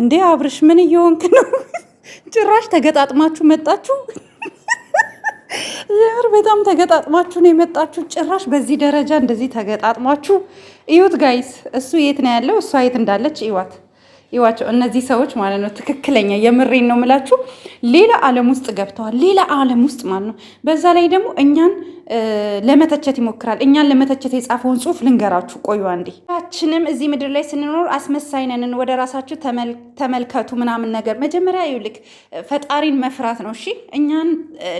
እንዴ አብርሽ ምን እየሆንክ ነው? ጭራሽ ተገጣጥማችሁ መጣችሁ። የምር በጣም ተገጣጥማችሁ ነው የመጣችሁ። ጭራሽ በዚህ ደረጃ እንደዚህ ተገጣጥማችሁ እዩት ጋይስ። እሱ የት ነው ያለው? እሷ የት እንዳለች እዋት ይዋቸው እነዚህ ሰዎች ማለት ነው ትክክለኛ የምሬን ነው የምላችሁ ሌላ ዓለም ውስጥ ገብተዋል። ሌላ ዓለም ውስጥ ማለት ነው። በዛ ላይ ደግሞ እኛን ለመተቸት ይሞክራል። እኛን ለመተቸት የጻፈውን ጽሁፍ ልንገራችሁ፣ ቆዩ አንዴ። ሁላችንም እዚህ ምድር ላይ ስንኖር አስመሳይ ነን። ወደ ራሳችሁ ተመልከቱ ምናምን ነገር መጀመሪያ ይኸው ልክ ፈጣሪን መፍራት ነው። እሺ እኛን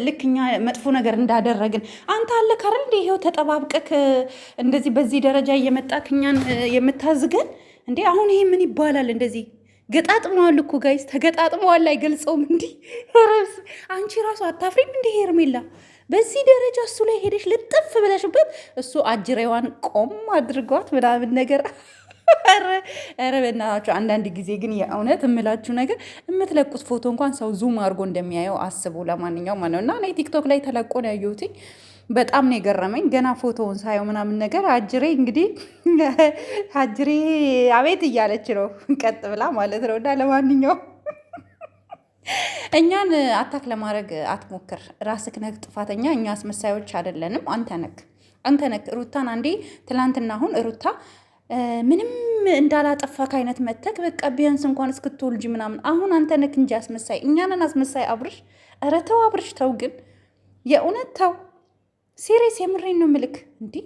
ልክ እኛ መጥፎ ነገር እንዳደረግን አንተ አለ ካረል እንደ ይኸው ተጠባብቀክ እንደዚህ በዚህ ደረጃ እየመጣክ እኛን የምታዝገን እንዴ! አሁን ይሄ ምን ይባላል? እንደዚህ ገጣጥመዋል እኮ ጋይስ፣ ተገጣጥመዋል። አይገልጸውም እንዲህ። አንቺ ራሱ አታፍሪም እንዲህ ሄርሜላ በዚህ ደረጃ እሱ ላይ ሄደሽ ልጥፍ ብለሽበት እሱ አጅሬዋን ቆም አድርጓት ምናምን ነገር ኧረ በእናታችሁ አንዳንድ ጊዜ ግን የእውነት የምላችሁ ነገር የምትለቁት ፎቶ እንኳን ሰው ዙም አድርጎ እንደሚያየው አስቡ። ለማንኛውም ነው እና እኔ ቲክቶክ ላይ ተለቆ ነው ያየሁትኝ። በጣም ነው የገረመኝ። ገና ፎቶውን ሳየው ምናምን ነገር አጅሬ እንግዲህ አጅሬ አቤት እያለች ነው ቀጥ ብላ ማለት ነው እና ለማንኛውም እኛን አታክ ለማድረግ አትሞክር። ራስክ ነህ ጥፋተኛ፣ እኛ አስመሳዮች አይደለንም። አንተ ነክ አንተ ነክ ሩታን አንዴ ትላንትና፣ አሁን ሩታ ምንም እንዳላጠፋክ አይነት መተክ በቃ ቢያንስ እንኳን እስክትወልጅ ምናምን። አሁን አንተ ነክ እንጂ አስመሳይ፣ እኛንን አስመሳይ። አብርሽ ኧረ ተው አብርሽ ተው፣ ግን የእውነት ተው። ሴሬስ የምሬን ነው ምልክ እንዲህ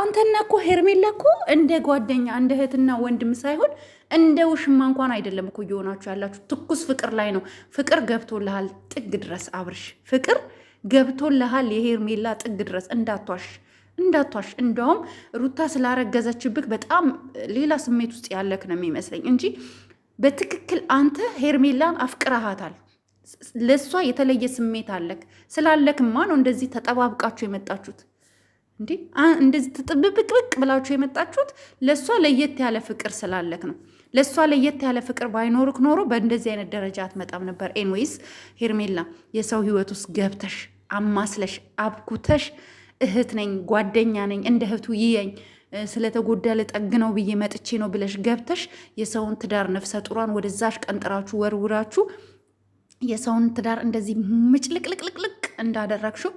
አንተና እኮ ሄርሜላ እኮ እንደ ጓደኛ እንደ እህትና ወንድም ሳይሆን እንደ ውሽማ እንኳን አይደለም እኮ እየሆናችሁ ያላችሁ። ትኩስ ፍቅር ላይ ነው። ፍቅር ገብቶልሃል ጥግ ድረስ አብርሽ፣ ፍቅር ገብቶልሃል የሄርሜላ ጥግ ድረስ። እንዳቷሽ እንዳቷሽ። እንደውም ሩታ ስላረገዘችብክ በጣም ሌላ ስሜት ውስጥ ያለክ ነው የሚመስለኝ እንጂ በትክክል አንተ ሄርሜላን አፍቅረሃታል። ለእሷ የተለየ ስሜት አለክ። ስላለክማ ነው እንደዚህ ተጠባብቃችሁ የመጣችሁት። እንዴ እንደዚህ ትጥብብቅብቅ ብላችሁ የመጣችሁት ለእሷ ለየት ያለ ፍቅር ስላለክ ነው። ለእሷ ለየት ያለ ፍቅር ባይኖርክ ኖሮ በእንደዚህ አይነት ደረጃ አትመጣም ነበር። ኤንዌይስ ሄርሜላ የሰው ህይወት ውስጥ ገብተሽ አማስለሽ አብኩተሽ እህት ነኝ ጓደኛ ነኝ እንደ እህቱ ይየኝ ስለተጎዳ ነው ብዬ መጥቼ ነው ብለሽ ገብተሽ የሰውን ትዳር ነፍሰ ጡሯን ወደዛሽ ቀንጥራችሁ ወርውራችሁ የሰውን ትዳር እንደዚህ ምጭልቅልቅልቅልቅ እንዳደረግሽው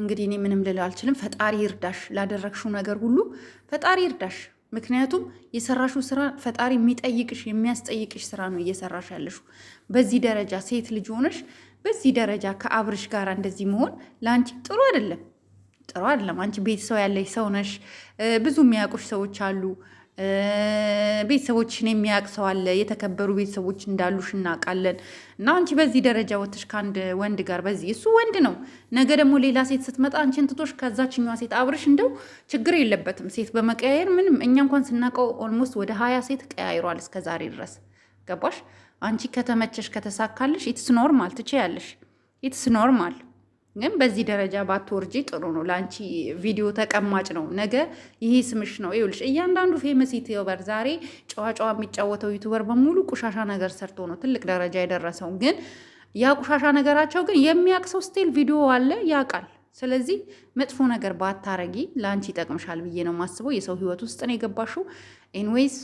እንግዲህ እኔ ምንም ልል አልችልም። ፈጣሪ ይርዳሽ፣ ላደረግሽው ነገር ሁሉ ፈጣሪ ይርዳሽ። ምክንያቱም የሰራሽው ስራ ፈጣሪ የሚጠይቅሽ የሚያስጠይቅሽ ስራ ነው እየሰራሽ ያለሽው። በዚህ ደረጃ ሴት ልጅ ሆነሽ በዚህ ደረጃ ከአብርሽ ጋር እንደዚህ መሆን ለአንቺ ጥሩ አይደለም፣ ጥሩ አይደለም። አንቺ ቤተሰብ ያለሽ ሰው ነሽ፣ ብዙ የሚያውቁሽ ሰዎች አሉ። ቤተሰቦችን የሚያውቅ ሰው አለ። የተከበሩ ቤተሰቦች እንዳሉሽ እናውቃለን። እና አንቺ በዚህ ደረጃ ወጥሽ ከአንድ ወንድ ጋር በዚህ እሱ ወንድ ነው። ነገ ደግሞ ሌላ ሴት ስትመጣ አንቺን ትቶሽ ከዛችኛዋ ሴት አብርሽ እንደው ችግር የለበትም ሴት በመቀያየር ምንም። እኛ እንኳን ስናውቀው ኦልሞስት ወደ ሀያ ሴት ቀያይሯል እስከ ዛሬ ድረስ ገባሽ። አንቺ ከተመቸሽ ከተሳካልሽ ኢትስ ኖርማል ትቼ ያለሽ ኢትስ ኖርማል ግን በዚህ ደረጃ ባትወርጂ ጥሩ ነው። ለአንቺ ቪዲዮ ተቀማጭ ነው፣ ነገ ይሄ ስምሽ ነው። ይኸውልሽ እያንዳንዱ ፌመስ ዩቲዩበር ዛሬ ጨዋ ጨዋ የሚጫወተው ዩቲዩበር በሙሉ ቁሻሻ ነገር ሰርቶ ነው ትልቅ ደረጃ የደረሰው። ግን ያ ቁሻሻ ነገራቸው ግን የሚያቅሰው ስቲል ቪዲዮ አለ ያውቃል። ስለዚህ መጥፎ ነገር ባታረጊ ለአንቺ ይጠቅምሻል ብዬ ነው የማስበው። የሰው ህይወት ውስጥ ነው የገባሽው። ኤንዌይስ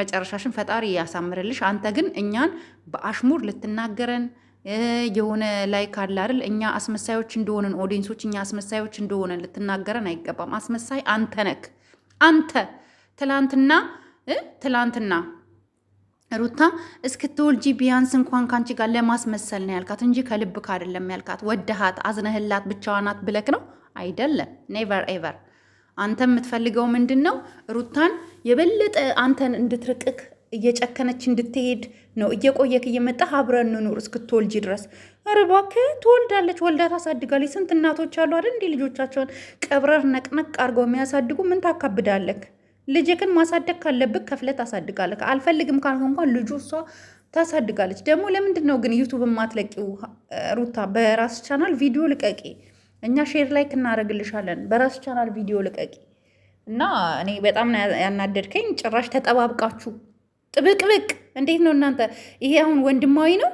መጨረሻሽን ፈጣሪ ያሳምርልሽ። አንተ ግን እኛን በአሽሙር ልትናገረን የሆነ ላይ ካለ አይደል እኛ አስመሳዮች እንደሆንን ኦዲንሶች እኛ አስመሳዮች እንደሆንን ልትናገረን አይገባም። አስመሳይ አንተ ነክ አንተ ትላንትና ትላንትና ሩታ እስክትወልጂ ቢያንስ እንኳን ካንቺ ጋር ለማስመሰል ነው ያልካት እንጂ ከልብክ አይደለም ያልካት። ወደሃት አዝነህላት ብቻዋናት ብለክ ነው አይደለም። ኔቨር ኤቨር አንተ የምትፈልገው ምንድን ነው? ሩታን የበለጠ አንተን እንድትርቅክ እየጨከነች እንድትሄድ ነው። እየቆየክ እየመጣህ አብረን እንኑር እስክትወልጂ ድረስ። ኧረ እባክህ ትወልዳለች፣ ወልዳ ታሳድጋለች። ስንት እናቶች አሉ አይደል እንዲህ ልጆቻቸውን ቀብረር ነቅነቅ አድርገው የሚያሳድጉ። ምን ታካብዳለክ? ልጅክን ማሳደግ ካለብክ ከፍለ ታሳድጋለክ። አልፈልግም ካልሆን እንኳን ልጁ እሷ ታሳድጋለች። ደግሞ ለምንድን ነው ግን ዩቱብ የማትለቂው ሩታ? በራስ ቻናል ቪዲዮ ልቀቂ፣ እኛ ሼር ላይክ እናደርግልሻለን። በራስ ቻናል ቪዲዮ ልቀቂ እና እኔ በጣም ያናደድከኝ ጭራሽ ተጠባብቃችሁ ጥብቅብቅ እንዴት ነው እናንተ? ይሄ አሁን ወንድማዊ ነው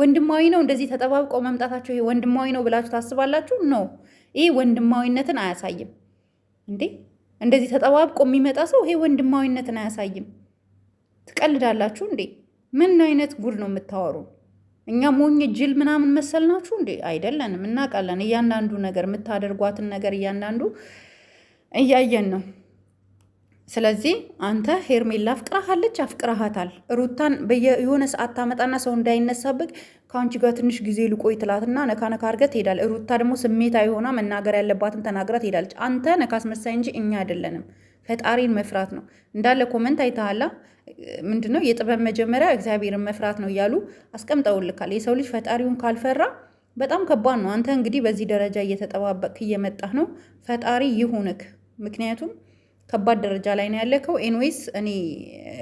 ወንድማዊ ነው እንደዚህ ተጠባብቀው መምጣታቸው ይሄ ወንድማዊ ነው ብላችሁ ታስባላችሁ? ነው ይህ ወንድማዊነትን አያሳይም እንዴ! እንደዚህ ተጠባብቆ የሚመጣ ሰው ይሄ ወንድማዊነትን አያሳይም። ትቀልዳላችሁ እንዴ? ምን አይነት ጉድ ነው የምታወሩ? እኛ ሞኝ ጅል ምናምን መሰል ናችሁ እንዴ? አይደለንም፣ እናውቃለን። እያንዳንዱ ነገር የምታደርጓትን ነገር እያንዳንዱ እያየን ነው። ስለዚህ አንተ ሄርሜላ አፍቅራሃለች አፍቅራሃታል። ሩታን የሆነ ሰዓት ታመጣና ሰው እንዳይነሳበት ከአንቺ ጋር ትንሽ ጊዜ ልቆይ ትላትና ነካ ነካ አድርገህ ትሄዳለህ። ሩታ ደግሞ ስሜታዊ ሆና መናገር ያለባትን ተናግራ ትሄዳለች። አንተ ነካስ መሳይ እንጂ እኛ አይደለንም። ፈጣሪን መፍራት ነው እንዳለ ኮመንት አይተሃላ። ምንድነው የጥበብ መጀመሪያ እግዚአብሔርን መፍራት ነው እያሉ አስቀምጠውልካል። የሰው ልጅ ፈጣሪውን ካልፈራ በጣም ከባድ ነው። አንተ እንግዲህ በዚህ ደረጃ እየተጠባበቅ እየመጣህ ነው። ፈጣሪ ይሁንክ ምክንያቱም ከባድ ደረጃ ላይ ነው ያለከው። ኤንዌይስ እኔ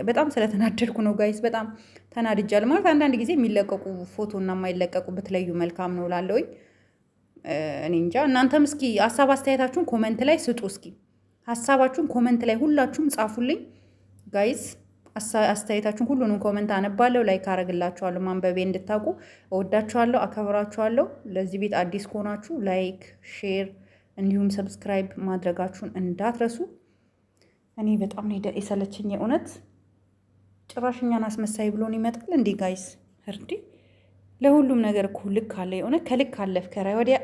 በጣም ስለተናደድኩ ነው ጋይስ፣ በጣም ተናድጃል። ማለት አንዳንድ ጊዜ የሚለቀቁ ፎቶ እና የማይለቀቁ ብትለዩ መልካም ነው ላለውኝ እኔ እንጃ። እናንተም እስኪ ሀሳብ አስተያየታችሁን ኮመንት ላይ ስጡ። እስኪ ሀሳባችሁን ኮመንት ላይ ሁላችሁም ጻፉልኝ ጋይስ። አስተያየታችሁን ሁሉንም ኮመንት አነባለሁ፣ ላይክ አረግላችኋለሁ። ማንበቤ እንድታውቁ እወዳችኋለሁ፣ አከብራችኋለሁ። ለዚህ ቤት አዲስ ከሆናችሁ ላይክ፣ ሼር እንዲሁም ሰብስክራይብ ማድረጋችሁን እንዳትረሱ። እኔ በጣም ነው የሰለችኝ እውነት። ጭራሽኛን አስመሳይ ብሎን ይመጣል እንዲህ ጋይስ እርዲ። ለሁሉም ነገር እኮ ልክ አለ። የሆነ ከልክ አለፍ ከራይ ወዲያ